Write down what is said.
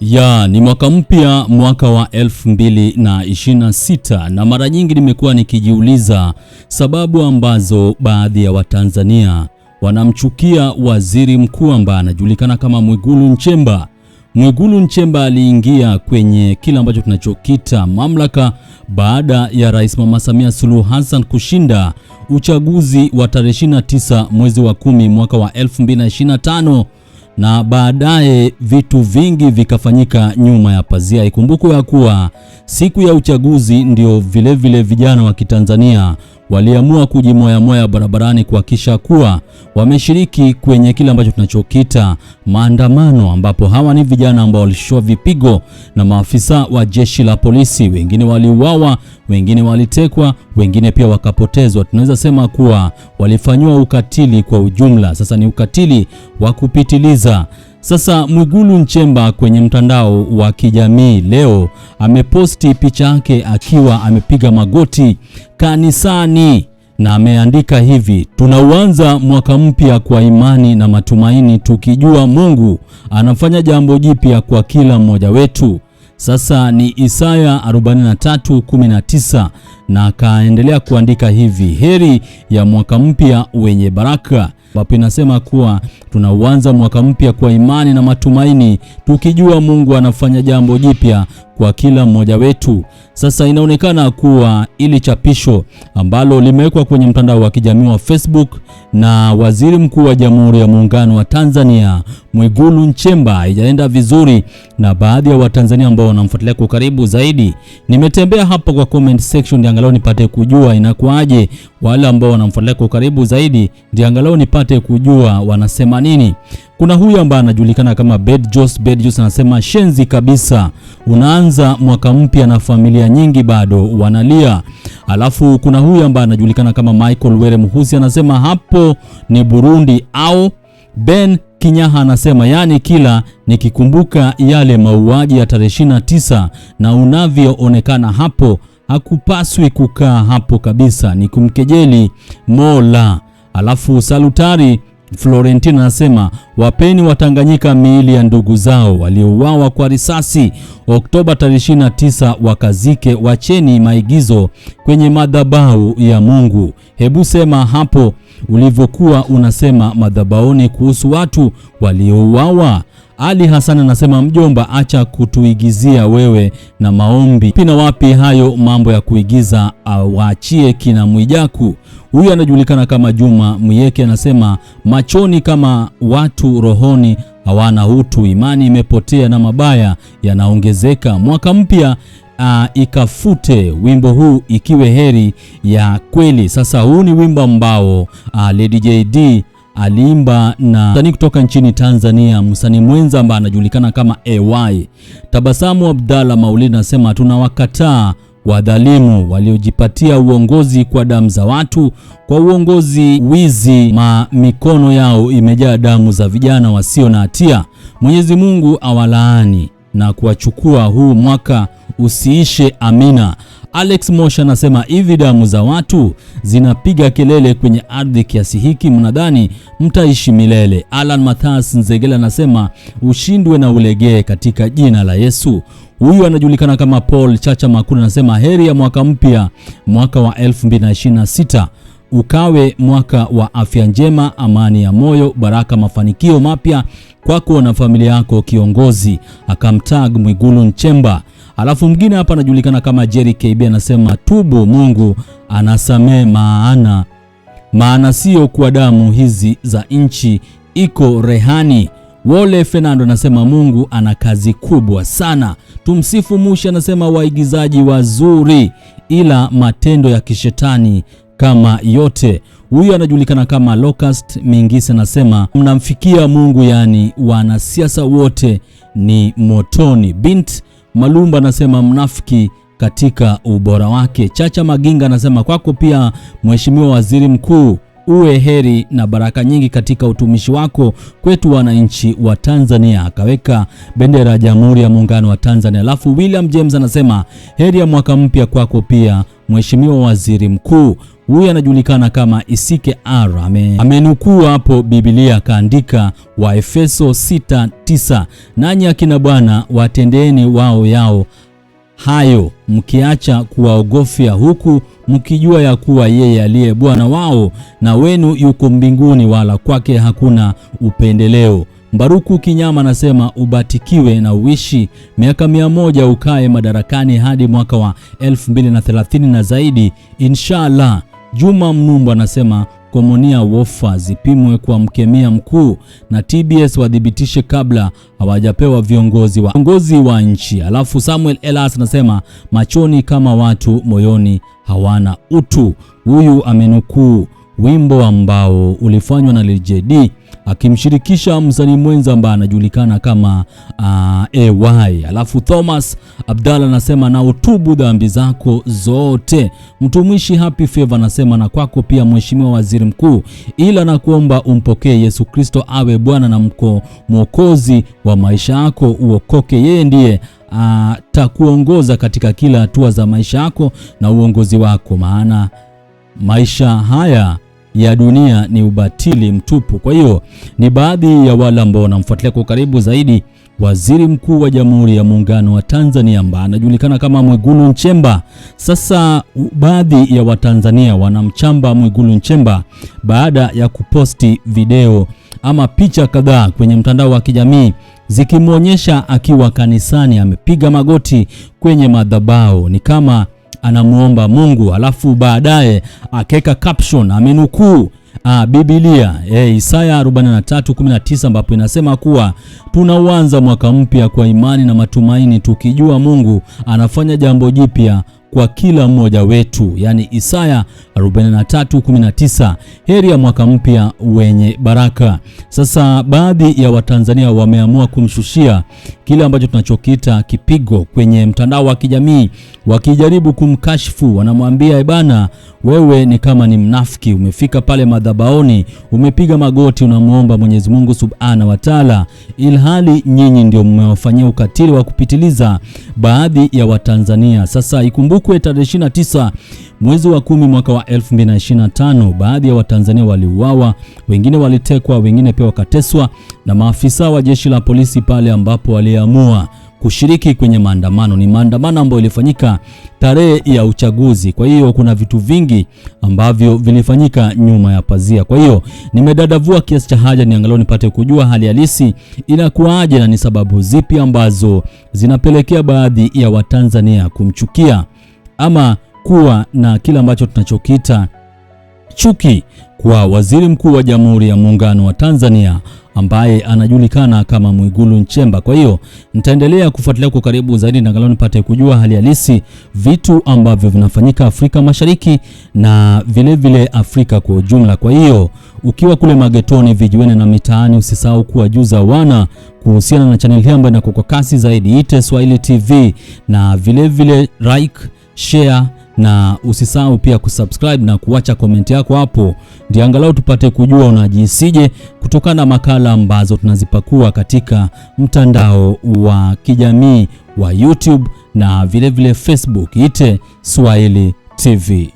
Ya, ni mwaka mpya mwaka wa 2026 na mara nyingi nimekuwa nikijiuliza sababu ambazo baadhi ya Watanzania wanamchukia waziri mkuu ambaye anajulikana kama Mwigulu Nchemba. Mwigulu Nchemba aliingia kwenye kile ambacho tunachokita mamlaka baada ya Rais Mama Samia Suluhu Hassan kushinda uchaguzi wa tarehe 29 mwezi wa 10 mwaka wa 2025 na baadaye vitu vingi vikafanyika nyuma ya pazia. Ikumbukwe ya kuwa siku ya uchaguzi ndio vilevile vijana wa Kitanzania waliamua kujimwayamwaya barabarani kuhakikisha kuwa wameshiriki kwenye kile ambacho tunachokita maandamano, ambapo hawa ni vijana ambao walishushwa vipigo na maafisa wa jeshi la polisi. Wengine waliuawa, wengine walitekwa, wengine pia wakapotezwa. Tunaweza sema kuwa walifanyiwa ukatili kwa ujumla. Sasa ni ukatili wa kupitiliza. Sasa Mwigulu Nchemba kwenye mtandao wa kijamii leo ameposti picha yake akiwa amepiga magoti kanisani na ameandika hivi: tunauanza mwaka mpya kwa imani na matumaini, tukijua Mungu anafanya jambo jipya kwa kila mmoja wetu. Sasa ni Isaya 43:19 na akaendelea kuandika hivi: heri ya mwaka mpya wenye baraka ambapo inasema kuwa tunauanza mwaka mpya kwa imani na matumaini, tukijua Mungu anafanya jambo jipya kwa kila mmoja wetu. Sasa inaonekana kuwa ili chapisho ambalo limewekwa kwenye mtandao wa kijamii wa Facebook na Waziri Mkuu wa Jamhuri ya Muungano wa Tanzania Mwigulu Nchemba haijaenda vizuri na baadhi ya Watanzania ambao wanamfuatilia kwa karibu zaidi. Nimetembea hapa kwa comment section ndio angalau nipate kujua inakuaje, wale ambao wanamfuatilia kwa karibu zaidi ndio angalau nipate kujua wanasema nini. Kuna huyu ambaye anajulikana kama Bed Jos anasema shenzi kabisa, unaanza mwaka mpya na familia nyingi bado wanalia. Alafu kuna huyu ambaye anajulikana kama Michael Were Muhusi anasema hapo ni Burundi au Ben Kinyaha anasema yaani, kila nikikumbuka yale mauaji ya tarehe 29 na unavyoonekana hapo, hakupaswi kukaa hapo kabisa, ni kumkejeli Mola. Alafu Salutari Florentina anasema wapeni Watanganyika miili ya ndugu zao waliouawa kwa risasi Oktoba tarehe 29, wakazike. Wacheni maigizo kwenye madhabahu ya Mungu. Hebu sema hapo ulivyokuwa unasema madhabahuni kuhusu watu waliouawa. Ali Hassan anasema mjomba, acha kutuigizia wewe na maombi pina. Wapi hayo mambo ya kuigiza, awaachie kina Mwijaku. Huyu anajulikana kama Juma myeke anasema machoni kama watu, rohoni hawana utu, imani imepotea na mabaya yanaongezeka. Mwaka mpya uh, ikafute wimbo huu ikiwe heri ya kweli. Sasa huu ni wimbo ambao uh, Lady JD aliimba na msanii kutoka nchini Tanzania, msanii mwenza ambaye anajulikana kama AY Tabasamu Abdalla Maulid, anasema tunawakataa wadhalimu waliojipatia uongozi kwa damu za watu, kwa uongozi wizi, ma mikono yao imejaa damu za vijana wasio na hatia. Mwenyezi Mungu awalaani na kuwachukua, huu mwaka usiishe. Amina. Alex Mosha anasema hivi, damu za watu zinapiga kelele kwenye ardhi kiasi hiki, mnadhani mtaishi milele? Alan Mathas Nzegela anasema ushindwe na ulegee katika jina la Yesu. Huyu anajulikana kama Paul Chacha Makuna anasema heri ya mwaka mpya, mwaka wa 2026 ukawe mwaka wa afya njema, amani ya moyo, baraka, mafanikio mapya kwako na familia yako. Kiongozi akamtag Mwigulu Nchemba. Alafu mwingine hapa anajulikana kama Jerry KB anasema tubu, Mungu anasamee, maana maana sio kwa damu hizi za nchi iko rehani. Wole Fernando anasema Mungu ana kazi kubwa sana Tumsifu Mushi anasema waigizaji wazuri, ila matendo ya kishetani kama yote. Huyu anajulikana kama Locust Mingisi anasema mnamfikia Mungu, yaani wanasiasa wote ni motoni. Bint Malumba anasema mnafiki katika ubora wake. Chacha Maginga anasema kwako pia, Mheshimiwa Waziri Mkuu uwe heri na baraka nyingi katika utumishi wako kwetu wananchi wa Tanzania. Akaweka bendera ya Jamhuri ya Muungano wa Tanzania. Alafu William James anasema heri ya mwaka mpya kwako pia Mheshimiwa Waziri Mkuu. Huyu anajulikana kama Isike R amenukuu hapo Biblia akaandika Waefeso 6:9, nanyi akina bwana watendeeni wao yao hayo, mkiacha kuwaogofya, huku mkijua ya kuwa yeye aliye Bwana wao na wenu yuko mbinguni, wala kwake hakuna upendeleo. mbaruku Kinyama anasema ubatikiwe na uishi miaka mia moja ukae madarakani hadi mwaka wa 2030 na zaidi, inshallah. Juma Mnumba anasema pneumonia wofa zipimwe kwa mkemia mkuu na TBS wadhibitishe kabla hawajapewa viongozi wa, viongozi wa nchi. Alafu Samuel Elas anasema machoni kama watu, moyoni hawana utu. Huyu amenukuu wimbo ambao ulifanywa na Lil akimshirikisha msanii mwenza ambaye anajulikana kama uh, ah, AY. Alafu Thomas Abdalla anasema na utubu dhambi zako zote. Mtumishi Happy Favor anasema na kwako pia Mheshimiwa Waziri Mkuu, ila nakuomba umpokee Yesu Kristo awe Bwana na mko mwokozi wa maisha yako, uokoke. Yeye ndiye atakuongoza katika kila hatua za maisha yako na uongozi wako, maana maisha haya ya dunia ni ubatili mtupu. Kwa hiyo ni baadhi ya wale ambao wanamfuatilia kwa karibu zaidi Waziri Mkuu wa Jamhuri ya Muungano wa Tanzania ambaye anajulikana kama Mwigulu Nchemba. Sasa baadhi ya Watanzania wanamchamba Mwigulu Nchemba baada ya kuposti video ama picha kadhaa kwenye mtandao wa kijamii zikimwonyesha akiwa kanisani amepiga magoti kwenye madhabahu, ni kama anamwomba Mungu, alafu baadaye akeka caption amenukuu Ah, Biblia eh, Isaya 43:19 ambapo inasema kuwa tunauanza mwaka mpya kwa imani na matumaini tukijua Mungu anafanya jambo jipya kwa kila mmoja wetu, yaani Isaya 43:19, heri ya mwaka mpya wenye baraka. Sasa baadhi ya Watanzania wameamua kumshushia kile ambacho tunachokiita kipigo kwenye mtandao wa kijamii, wakijaribu kumkashfu, wanamwambia eh bana, wewe ni kama ni mnafiki, umefika pale madhabaoni, umepiga magoti, unamwomba Mwenyezi Mungu Subhana wa Taala, ilhali nyinyi ndio mmewafanyia ukatili wa kupitiliza baadhi ya Watanzania. Sasa ikumbukwe tarehe 29 Mwezi wa kumi mwaka wa 2025 baadhi ya Watanzania waliuawa, wengine walitekwa, wengine pia wakateswa na maafisa wa jeshi la polisi pale ambapo waliamua kushiriki kwenye maandamano. Ni maandamano ambayo ilifanyika tarehe ya uchaguzi. Kwa hiyo kuna vitu vingi ambavyo vilifanyika nyuma ya pazia. Kwa hiyo nimedadavua kiasi cha haja angalau nipate kujua hali halisi inakuwaje na ni sababu zipi ambazo zinapelekea baadhi ya Watanzania kumchukia ama kuwa na kile ambacho tunachokita chuki kwa waziri mkuu wa Jamhuri ya Muungano wa Tanzania ambaye anajulikana kama Mwigulu Nchemba. Kwa hiyo nitaendelea kufuatilia kwa karibu zaidi na angalau nipate kujua hali halisi vitu ambavyo vinafanyika Afrika Mashariki na vile vile Afrika kwa ujumla. Kwa hiyo ukiwa kule magetoni, vijiweni na mitaani, usisahau kuwajuza wana kuhusiana na channel hii ambayo inakuwa kwa kasi zaidi, ite Swahili TV, na vile vile like, share na usisahau pia kusubscribe na kuacha komenti yako hapo, ndio angalau tupate kujua unajisije kutokana na makala ambazo tunazipakua katika mtandao wa kijamii wa YouTube na vilevile vile Facebook, ite Swahili TV.